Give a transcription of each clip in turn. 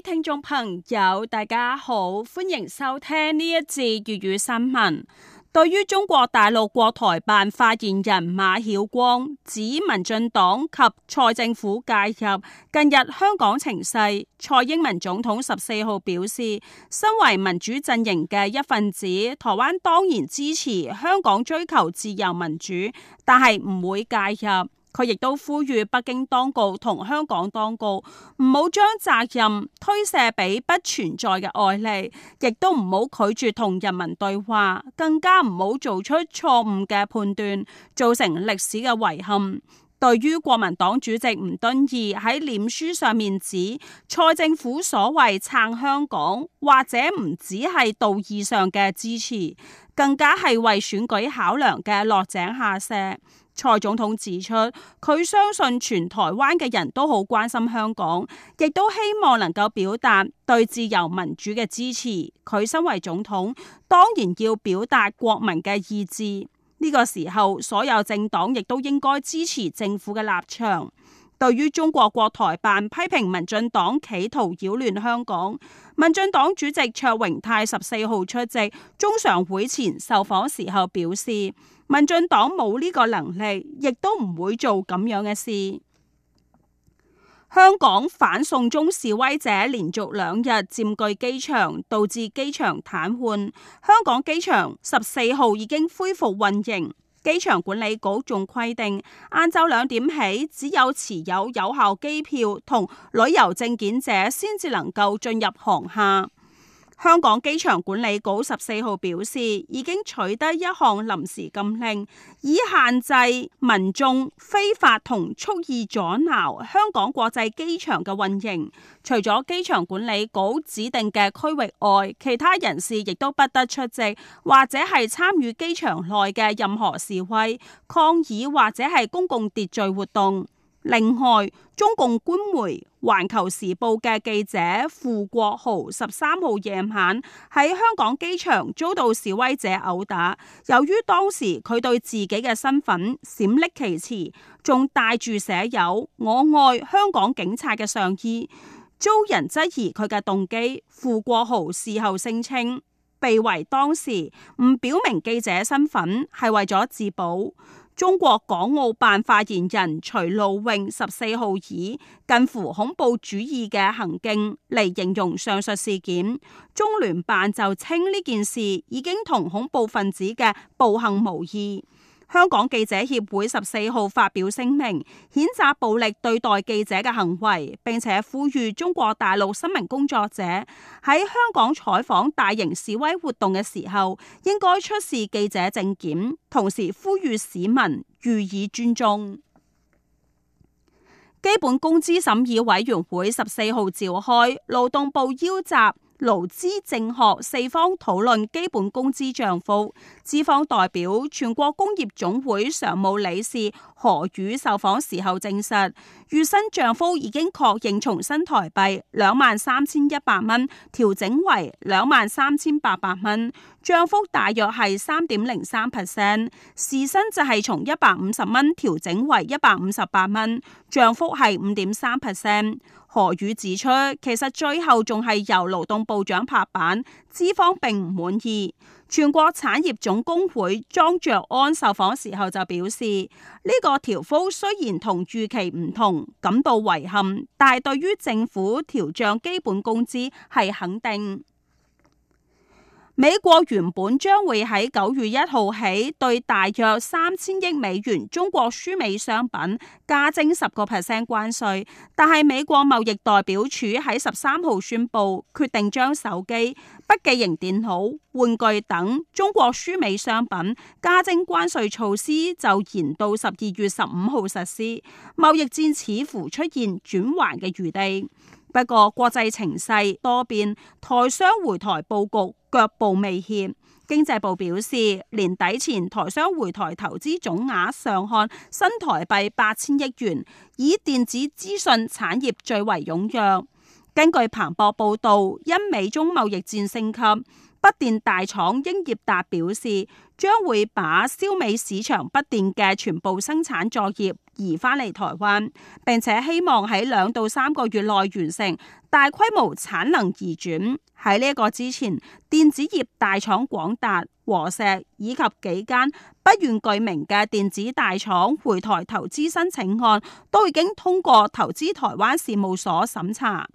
聽眾朋友，大家好，歡迎收聽呢一節粵語新聞。對於中國大陸國台辦發言人馬曉光指民進黨及蔡政府介入近日香港情勢，蔡英文總統十四號表示，身為民主陣營嘅一份子，台灣當然支持香港追求自由民主，但係唔會介入。佢亦都呼籲北京當局同香港當局唔好將責任推卸俾不存在嘅外力，亦都唔好拒絕同人民對話，更加唔好做出錯誤嘅判斷，造成歷史嘅遺憾。對於國民黨主席吳敦義喺臉書上面指蔡政府所謂撐香港，或者唔只係道義上嘅支持，更加係為選舉考量嘅落井下石。蔡總統指出，佢相信全台灣嘅人都好關心香港，亦都希望能夠表達對自由民主嘅支持。佢身為總統，當然要表達國民嘅意志。呢個時候，所有政黨亦都應該支持政府嘅立場。對於中國國台辦批評民進黨企圖擾亂香港，民進黨主席卓榮泰十四號出席中常會前受訪時候表示，民進黨冇呢個能力，亦都唔會做咁樣嘅事。香港反送中示威者連續兩日佔據機場，導致機場癱瘓，瘓。香港機場十四號已經恢復運營，機場管理局仲規定，晏晝兩點起，只有持有有效機票同旅遊證件者先至能夠進入航廈。香港機場管理局十四號表示，已經取得一項臨時禁令，以限制民眾非法同蓄意阻撓香港國際機場嘅運營。除咗機場管理局指定嘅區域外，其他人士亦都不得出席或者係參與機場內嘅任何示威、抗議或者係公共秩序活動。另外，中共官媒《環球時報》嘅記者傅國豪十三號夜晚喺香港機場遭到示威者毆打，由於當時佢對自己嘅身份閃匿其詞，仲帶住寫有“我愛香港警察”嘅上衣，遭人質疑佢嘅動機。傅國豪事後聲稱，被圍當時唔表明記者身份係為咗自保。中國港澳辦發言人徐露穎十四號以近乎恐怖主義嘅行徑嚟形容上述事件，中聯辦就稱呢件事已經同恐怖分子嘅暴行無異。香港記者協會十四號發表聲明，譴責暴力對待記者嘅行為，並且呼籲中國大陸新聞工作者喺香港採訪大型示威活動嘅時候應該出示記者證件，同時呼籲市民予以尊重。基本工資審議委員會十四號召開，勞動部邀集。勞資政學四方討論基本工資漲幅，資方代表全國工業總會常務理事何宇受訪時候證實，月薪漲幅已經確認從新台幣兩萬三千一百蚊調整為兩萬三千八百蚊，漲幅大約係三點零三 percent。時薪就係從一百五十蚊調整為一百五十八蚊，漲幅係五點三 percent。何宇指出，其實最後仲係由勞動部長拍板，資方並唔滿意。全國產業總工會莊卓安受訪時候就表示，呢、這個調幅雖然同預期唔同，感到遺憾，但係對於政府調漲基本工資係肯定。美國原本將會喺九月一號起對大約三千億美元中國輸美商品加徵十個 percent 關稅，但係美國貿易代表處喺十三號宣布決定將手機、筆記型電腦。玩具等中國輸美商品加徵關稅措施就延到十二月十五號實施。貿易戰似乎出現轉圜嘅餘地，不過國際情勢多變，台商回台佈局腳步未歇。經濟部表示，年底前台商回台投資總額上看新台幣八千億元，以電子資訊產業最為踴躍。根據彭博報道，因美中貿易戰升級。北電大廠英業達表示，將會把銷美市場筆電嘅全部生產作業移返嚟台灣，並且希望喺兩到三個月內完成大規模產能移轉。喺呢一個之前，電子業大廠廣達、和碩以及幾間不願具名嘅電子大廠回台投資申請案都已經通過投資台灣事務所審查。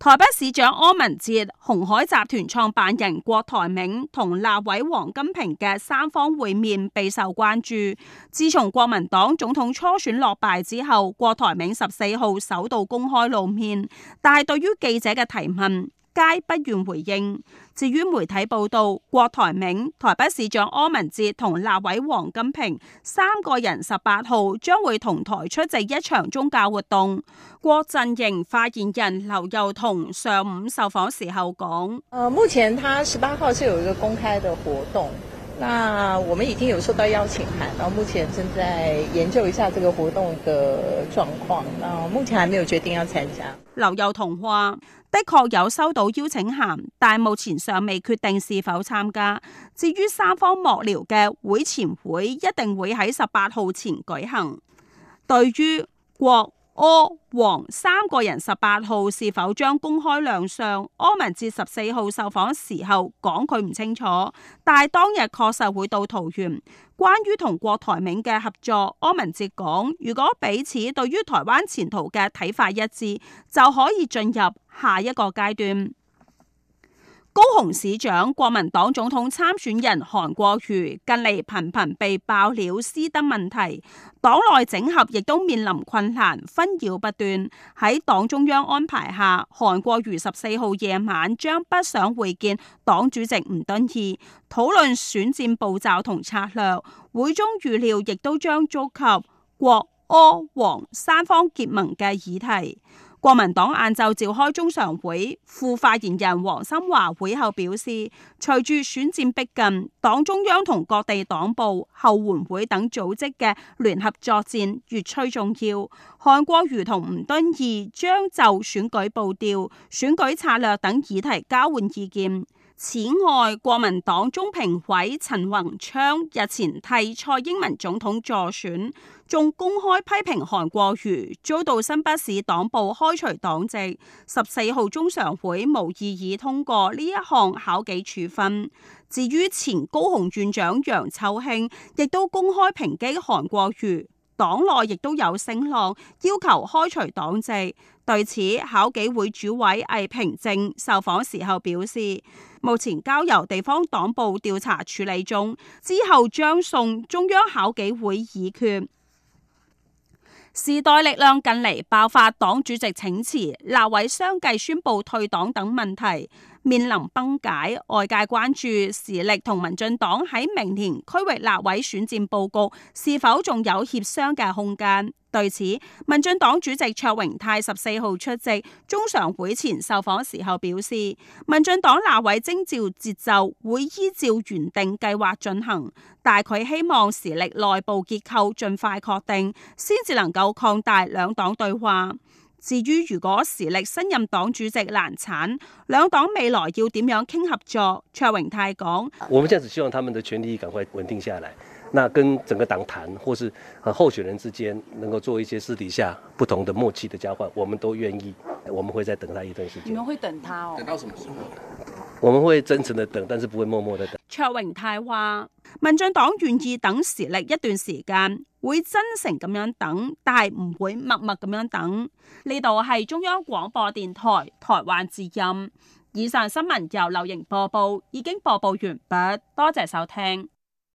台北市長柯文哲、鴻海集團創辦人郭台銘同立委王金平嘅三方會面備受關注。自從國民黨總統初選落敗之後，郭台銘十四號首度公開露面，但係對於記者嘅提問。皆不願回應。至於媒體報道，郭台銘、台北市長柯文哲同立委黃金平三個人十八號將會同台出席一場宗教活動。郭陣營發言人劉幼彤上午受訪時候講：呃，目前他十八號是有一個公開的活動。那我們已經有收到邀請函，然後目前正在研究一下這個活動的狀況。那目前還沒有決定要參加。劉幼彤話：的確有收到邀請函，但目前尚未決定是否參加。至於三方幕僚嘅會前會，一定會喺十八號前舉行。對於國。柯、郭、王三個人十八號是否將公開亮相？柯文哲十四號受訪時候講佢唔清楚，但係當日確實會到桃園。關於同郭台銘嘅合作，柯文哲講：如果彼此對於台灣前途嘅睇法一致，就可以進入下一個階段。高雄市長、國民黨總統參選人韓國瑜近嚟頻頻被爆料私德問題，黨內整合亦都面臨困難，紛擾不斷。喺黨中央安排下，韓國瑜十四號夜晚將北上會見黨主席吳敦義，討論選戰步驟同策略。會中預料亦都將觸及郭、柯、王三方結盟嘅議題。國民黨晏晝召開中常會，副發言人黃心華會後表示，隨住選戰逼近，黨中央同各地黨部、後援會等組織嘅聯合作戰越趨重要。韓國瑜同吳敦義將就選舉步調、選舉策略等議題交換意見。此外，國民黨中評委陳宏昌日前替蔡英文總統助選。仲公開批評韓國瑜，遭到新北市黨部開除黨籍。十四號中常會無異議通過呢一項考紀處分。至於前高雄縣長楊秋興，亦都公開抨擊韓國瑜，黨內亦都有聲浪要求開除黨籍。對此，考紀會主委魏平正受訪時候表示，目前交由地方黨部調查處理中，之後將送中央考紀會議決。時代力量近來爆發黨主席請辭、立委相繼宣布退黨等問題。面臨崩解，外界關注時力同民進黨喺明年區域立委選戰布局是否仲有協商嘅空間。對此，民進黨主席卓榮泰十四號出席中常會前受訪時候表示，民進黨立委徵召節奏會依照原定計劃進行，但佢希望時力內部結構盡快確定，先至能夠擴大兩黨對話。至於如果時力新任黨主席難產，兩黨未來要點樣傾合作？卓榮泰講：，我們現在只希望他們的權利趕快穩定下來，那跟整個黨談或是候選人之間能夠做一些私底下不同的默契的交換，我們都願意。我們會再等他一段時間。你們會等他哦？等到什麼時候？我們會真誠的等，但是不會默默的等。卓榮泰話：民進黨願意等時力一段時間，會真誠咁樣等，但係唔會默默咁樣等。呢度係中央廣播電台台灣之音，以上新聞由流瑩播報，已經播報完畢，多謝收聽。